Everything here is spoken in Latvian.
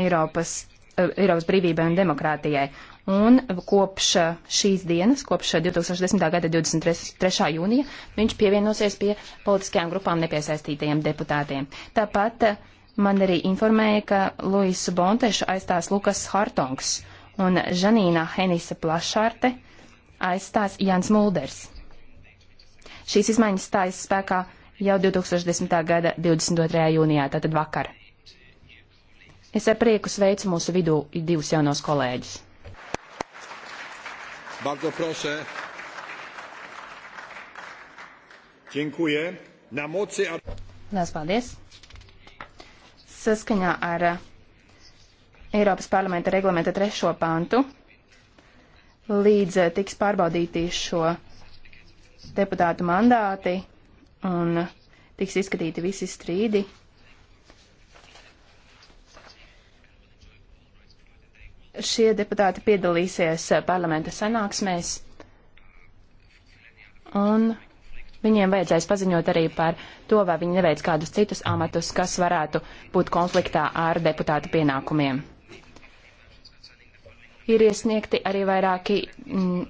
Eiropas, eh, Eiropas brīvībai un demokrātijai. Un kopš šīs dienas, kopš 2010. gada 23. jūnija, viņš pievienosies pie politiskajām grupām nepiesaistītajiem deputātiem. Tāpat eh, man arī informēja, ka Luisu Bontešu aizstās Lukas Hartongs un Žanīna Henisa Plašārte aizstās Jans Mulders. Šīs izmaiņas stājas spēkā jau 2010. gada 22. jūnijā, tātad vakar. Es ar prieku sveicu mūsu vidū divus jaunos kolēģus. Bardzo proszę. Dziękuję. Na mocy... Lielas paldies. Saskaņā ar Eiropas parlamenta reglamenta trešo pantu līdz tiks pārbaudīti šo deputātu mandāti un tiks izskatīti visi strīdi Šie deputāti piedalīsies eh, parlamenta sanāksmēs, un viņiem vajadzēs paziņot arī par to, vai viņi neveic kādus citus amatus, kas varētu būt konfliktā ar deputāta pienākumiem. Ir iesniegti arī vairāki. Mm,